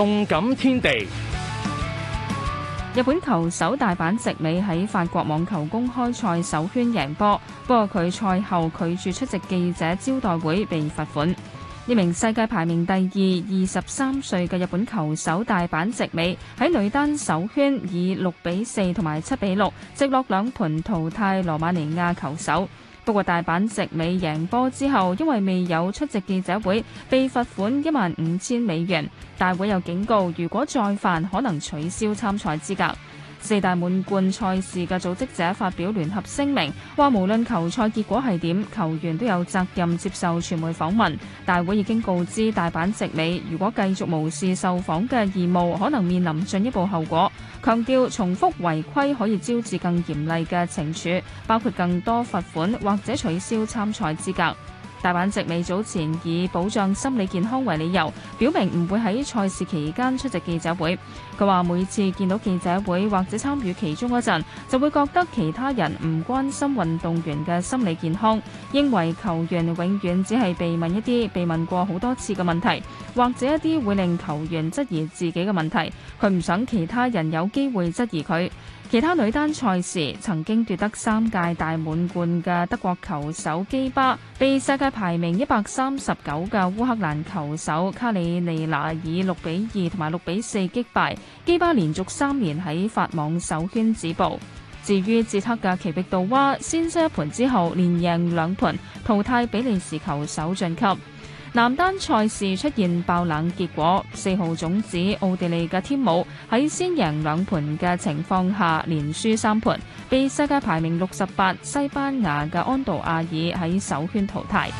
動感天地。日本球手大坂直美喺法國網球公開賽首圈贏波，不過佢賽後拒絕出席記者招待會，被罰款。呢名世界排名第二、二十三歲嘅日本球手大坂直美喺女單首圈以六比四同埋七比六直落兩盤淘汰羅馬尼亞球手。不過，大阪直美贏波之後，因為未有出席記者會，被罰款一萬五千美元。大會又警告，如果再犯，可能取消參賽資格。四大滿貫賽事嘅組織者發表聯合聲明，話無論球賽結果係點，球員都有責任接受傳媒訪問。大會已經告知大坂直美，如果繼續無視受訪嘅義務，可能面臨進一步後果。強調重複違規可以招致更嚴厲嘅懲處，包括更多罰款或者取消參賽資格。大坂直美早前以保障心理健康為理由，表明唔會喺賽事期間出席記者會。佢話每次見到記者會或者參與其中嗰陣，就會覺得其他人唔關心運動員嘅心理健康，因為球員永遠只係被問一啲被問過好多次嘅問題，或者一啲會令球員質疑自己嘅問題。佢唔想其他人有機會質疑佢。其他女單賽事曾經奪得三屆大滿貫嘅德國球手基巴，被世界排名一百三十九嘅烏克蘭球手卡里尼娜以六比二同埋六比四擊敗基巴，連續三年喺法網首圈止步。至於捷克嘅奇碧杜娃，先失一盤之後連贏兩盤，淘汰比利時球手晉級。男單賽事出現爆冷結果，四號種子奧地利嘅天姆喺先贏兩盤嘅情況下，連輸三盤，被世界排名六十八西班牙嘅安道亞爾喺首圈淘汰。